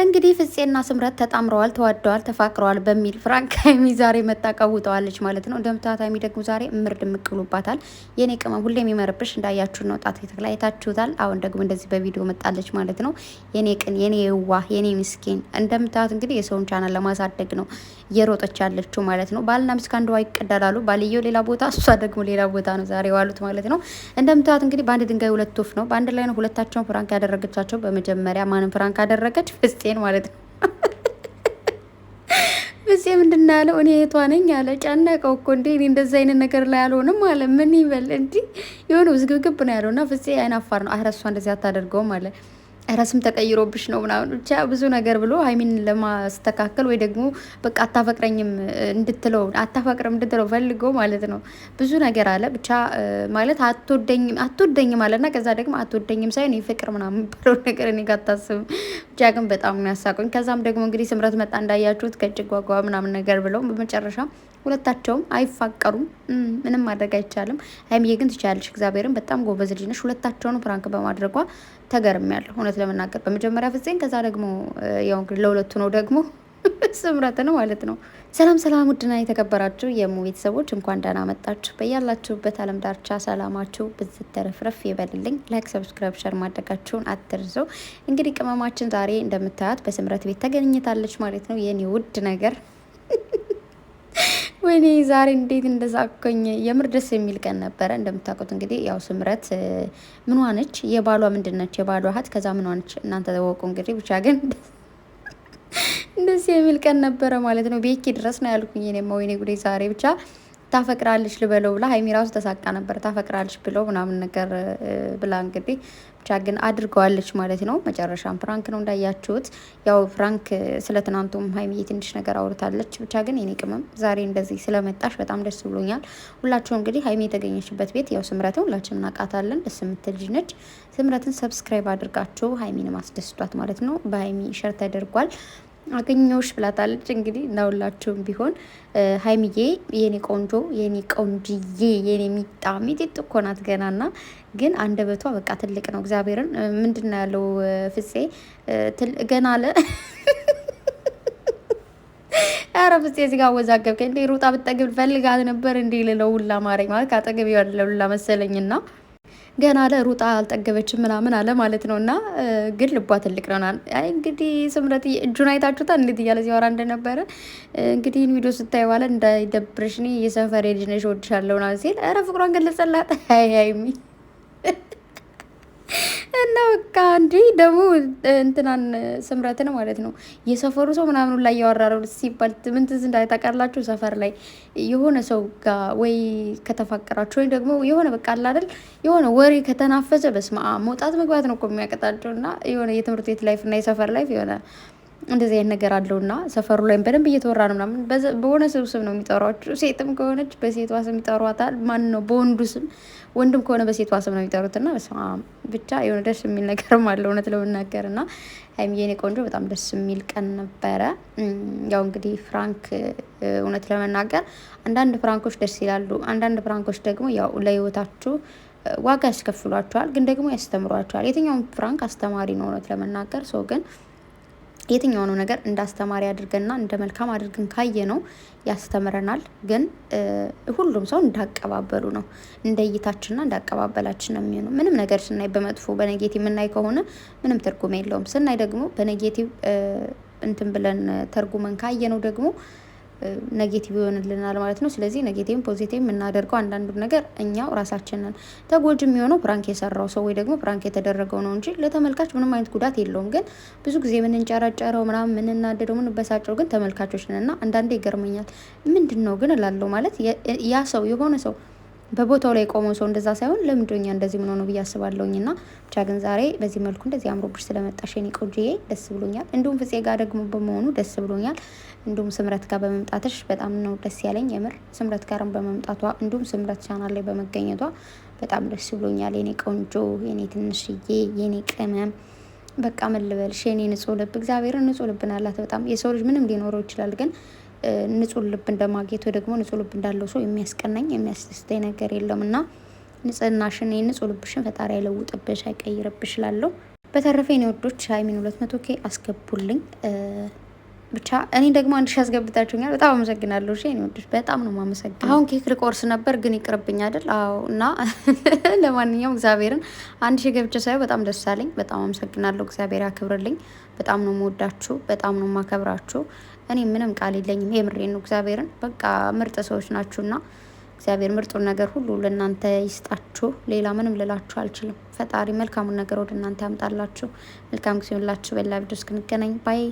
እንግዲህ ፍፄና ስምረት ተጣምረዋል፣ ተዋደዋል፣ ተፋቅረዋል በሚል ፍራንክ ሀይሚ ዛሬ መታቀውጠዋለች ማለት ነው። እንደምታዩት ሀይሚ ደግሞ ዛሬ ምርድ ምቅሉባታል። የኔ ቅመ ሁሌ የሚመርብሽ እንዳያችሁ ነው። ጣት ተክላ አይታችሁታል። አሁን ደግሞ እንደዚህ በቪዲዮ መጣለች ማለት ነው። የኔ ቅን፣ የኔ የዋህ፣ የኔ ምስኪን። እንደምታዩት እንግዲህ የሰውን ቻናል ለማሳደግ ነው እየሮጠች ያለችው ማለት ነው። ባልና ሚስት ከአንድ ውሃ ይቀዳላሉ። ባልየው ሌላ ቦታ፣ እሷ ደግሞ ሌላ ቦታ ነው ዛሬ ዋሉት ማለት ነው። እንደምታዩት እንግዲህ በአንድ ድንጋይ ሁለት ወፍ ነው። በአንድ ላይ ነው ሁለታቸውን ፍራንክ ያደረገቻቸው። በመጀመሪያ ማንም ፍራንክ አደረገች? ፍፄን ማለት ነው። ፍፄ ምንድን ነው ያለው? እኔ እህቷ ነኝ አለ። ጨነቀው እኮ እንዴ እኔ እንደዚ አይነት ነገር ላይ አልሆንም አለ። ምን ይበል እንዲህ የሆነ ውዝግብግብ ነው ያለው እና ፍፄ አይናፋር ነው። አረሷ እንደዚህ አታደርገውም አለ ረስም ተቀይሮብሽ ነው ምናምን ብቻ ብዙ ነገር ብሎ ሀይሚን ለማስተካከል ወይ ደግሞ በቃ አታፈቅረኝም እንድትለው አታፈቅርም እንድትለው ፈልጎ ማለት ነው። ብዙ ነገር አለ ብቻ ማለት አትወደኝም አትወደኝም አለና ከዛ ደግሞ አትወደኝም ሳይሆን የፍቅር ምናምን የሚባለው ነገር እኔ ጋር አታስብም። ብቻ ግን በጣም ነው ያሳቁኝ። ከዛም ደግሞ እንግዲህ ስምረት መጣ እንዳያችሁት ከጭጓጓ ምናምን ነገር ብለው በመጨረሻ ሁለታቸውም አይፋቀሩም። ምንም ማድረግ አይቻልም። ሀይሚዬ ግን ትችላለች። እግዚአብሔርን በጣም ጎበዝ ልጅ ነች። ሁለታቸውን ፍራንክ በማድረጓ ተገርሚያለሁ እውነት ለመናገር በመጀመሪያ ፍፄን፣ ከዛ ደግሞ ያው እንግዲህ ለሁለቱ ነው ደግሞ ስምረት ነው ማለት ነው። ሰላም ሰላም፣ ውድና የተከበራችሁ የሙ ቤተሰቦች እንኳን ደህና መጣችሁ። በያላችሁበት አለም ዳርቻ ሰላማችሁ ብዝት ተረፍረፍ ይበልልኝ። ላይክ፣ ሰብስክራይብ፣ ሸር ማድረጋችሁን አትርሱ። እንግዲህ ቅመማችን ዛሬ እንደምታያት በስምረት ቤት ተገኝታለች ማለት ነው የኔ ውድ ነገር ወይኔ ዛሬ እንዴት እንደዛቀኝ የምር ደስ የሚል ቀን ነበረ። እንደምታውቁት እንግዲህ ያው ስምረት ምኗ ነች የባሏ ምንድን ነች የባሏ እህት ከዛ ምኗ ነች እናንተ ተወቁ። እንግዲህ ብቻ ግን ደስ የሚል ቀን ነበረ ማለት ነው። ቤኪ ድረስ ነው ያልኩኝ እኔማ። ወይኔ ጉዴ ዛሬ ብቻ ታፈቅራለች ልበለው ብላ ሀይሚ ራሱ ተሳቃ ነበር። ታፈቅራለች ብለው ምናምን ነገር ብላ እንግዲህ ብቻ ግን አድርገዋለች ማለት ነው። መጨረሻም ፍራንክ ነው እንዳያችሁት። ያው ፍራንክ ስለ ትናንቱም ሀይሚ ትንሽ ነገር አውርታለች። ብቻ ግን የኔ ቅመም ዛሬ እንደዚህ ስለመጣሽ በጣም ደስ ብሎኛል። ሁላችሁ እንግዲህ ሀይሚ የተገኘችበት ቤት ያው ስምረትን ሁላችን እናቃታለን። ደስ የምትል ልጅ ነች። ስምረትን ሰብስክራይብ አድርጋችሁ ሀይሚን ማስደስቷት ማለት ነው። በሀይሚ ሸር ተደርጓል። አገኘውሽ ብላታለች። እንግዲህ እንዳውላችሁም ቢሆን ሀይሚዬ የኔ ቆንጆ የኔ ቆንጅዬ የኔ ሚጣ ሚጢጥ እኮ ናት ገና ና ግን አንደበቷ በቃ ትልቅ ነው። እግዚአብሔርን ምንድን ነው ያለው ፍፄ ገና አለ ኧረ ፍፄ እዚህ ጋር አወዛገብከኝ እንዴ! ሩጣ ብጠግብ ፈልጋት ነበር እንዴ ልለው ሁላ ማረኝ ማለት ከአጠገብ ያለው ሁላ መሰለኝና ገና ለሩጣ አልጠገበችም ምናምን አለ ማለት ነው። እና ግን ልቧ ትልቅ ነውና እንግዲህ ስምረት እጁን አይታችሁታል እንዴት እያለ ሲያወራ እንደነበረ እንግዲህ ይህን ቪዲዮ ስታይ ባለ እንዳይደብርሽ እኔ የሰፈር ልጅ ነሽ እወድሻለሁ ሲል ኧረ ፍቅሯን ገለጸላት ሀይ ሀይሚ በቃ እንዲ ደግሞ እንትናን ስምረትን ማለት ነው የሰፈሩ ሰው ምናምኑ ላይ ያወራረው ሲባል ምን ትዝ ሰፈር ላይ የሆነ ሰው ጋር ወይ ከተፋቀራችሁ ወይ ደግሞ የሆነ በቃ አላደል የሆነ ወሬ ከተናፈሰ በስማ መውጣት መግባት ነው እኮ የሚያቀጣቸው እና የሆነ የትምህርት ቤት ላይፍ እና የሰፈር ላይፍ የሆነ እንደዚህ አይነት ነገር አለውና ሰፈሩ ላይም በደንብ እየተወራ ነው ምናምን በሆነ ስብስብ ነው የሚጠሯቸው። ሴትም ከሆነች በሴቷ ስም ይጠሯታል። ማን ነው በወንዱ ስም፣ ወንድም ከሆነ በሴቷ ስም ነው የሚጠሩትና ብቻ የሆነ ደስ የሚል ነገርም አለ እውነት ለመናገር እና ሀይሚ የኔ ቆንጆ በጣም ደስ የሚል ቀን ነበረ። ያው እንግዲህ ፍራንክ እውነት ለመናገር አንዳንድ ፍራንኮች ደስ ይላሉ። አንዳንድ ፍራንኮች ደግሞ ያው ለህይወታችሁ ዋጋ ያስከፍሏቸዋል፣ ግን ደግሞ ያስተምሯቸዋል። የትኛውም ፍራንክ አስተማሪ ነው እውነት ለመናገር ሰው ግን ነው ነገር እንደ አስተማሪ አድርገንና እንደ መልካም አድርገን ካየ ነው ያስተምረናል። ግን ሁሉም ሰው እንዳቀባበሉ ነው እንደ እይታችንና እንዳቀባበላችን ነው የሚሆነው። ምንም ነገር ስናይ በመጥፎ በኔጌቲቭ የምናይ ከሆነ ምንም ትርጉም የለውም። ስናይ ደግሞ በኔጌቲቭ እንትን ብለን ተርጉመን ካየ ነው ደግሞ ነጌቲቭ ይሆንልናል ማለት ነው። ስለዚህ ነጌቲቭ ፖዚቲቭ የምናደርገው አንዳንዱ ነገር እኛው ራሳችንን። ተጎጂ የሚሆነው ፕራንክ የሰራው ሰው ወይ ደግሞ ፕራንክ የተደረገው ነው እንጂ ለተመልካች ምንም አይነት ጉዳት የለውም። ግን ብዙ ጊዜ የምንንጨረጨረው ምናምን የምንናደደው የምንበሳጨው ግን ተመልካቾች ነን እና አንዳንዴ ይገርመኛል። ምንድን ነው ግን እላለሁ ማለት ያ ሰው የሆነ ሰው በቦታው ላይ ቆመው ሰው እንደዛ ሳይሆን ለምዶኛ እንደዚህ ምንሆነ ብዬ አስባለሁኝ። እና ብቻ ግን ዛሬ በዚህ መልኩ እንደዚህ አምሮብሽ ስለመጣሽ የኔ ቆንጆዬ ደስ ብሎኛል። እንዲሁም ፍፄ ጋር ደግሞ በመሆኑ ደስ ብሎኛል። እንዲሁም ስምረት ጋር በመምጣትሽ በጣም ነው ደስ ያለኝ። የምር ስምረት ጋርም በመምጣቷ እንዲሁም ስምረት ቻናል ላይ በመገኘቷ በጣም ደስ ብሎኛል። የኔ ቆንጆ፣ የኔ ትንሽዬ፣ የኔ ቅመም በቃ ምን ልበልሽ የኔ ንጹህ ልብ። እግዚአብሔርን ንጹህ ልብን አላት በጣም የሰው ልጅ ምንም ሊኖረው ይችላል ግን ንጹህ ልብ እንደማግኘት ወይ ደግሞ ንጹህ ልብ እንዳለው ሰው የሚያስቀናኝ የሚያስደስተኝ ነገር የለም እና ንጽህናሽን የንጹህ ልብሽን ፈጣሪ አይለውጥብሽ አይቀይርብሽ እላለሁ። በተረፈ የኔ ወዶች ሀይሚን ሁለት መቶ ኬ አስገቡልኝ ብቻ እኔ ደግሞ አንድ ሺ አስገብታችሁኛል። በጣም አመሰግናለሁ። እሺ እኔ ወዶች በጣም ነው የማመሰግነው። አሁን ኬክ ልቆርስ ነበር ግን ይቅርብኝ አይደል? አዎ። እና ለማንኛውም እግዚአብሔርን አንድ ሺ ገብቼ ሳይሆን በጣም ደስ አለኝ። በጣም አመሰግናለሁ። እግዚአብሔር ያክብርልኝ። በጣም ነው መወዳችሁ፣ በጣም ነው ማከብራችሁ። እኔ ምንም ቃል የለኝም። የምሬን ነው። እግዚአብሔርን በቃ ምርጥ ሰዎች ናችሁና እግዚአብሔር ምርጡን ነገር ሁሉ ለእናንተ ይስጣችሁ። ሌላ ምንም ልላችሁ አልችልም። ፈጣሪ መልካሙን ነገር ወደ እናንተ ያምጣላችሁ። መልካም ጊዜ ሁላችሁ። በሌላ ቪዲዮ እስክንገናኝ ባይ